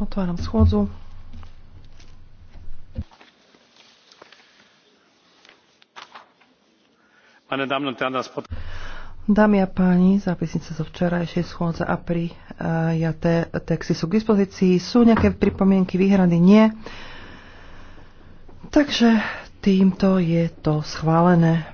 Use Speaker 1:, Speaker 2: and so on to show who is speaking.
Speaker 1: Otváram schôdzu.
Speaker 2: Dámy a páni, zápisnice zo včerajšej schôdze a pri e, ja te, texty sú k dispozícii. Sú nejaké pripomienky, výhrady? Nie. Takže týmto je to schválené.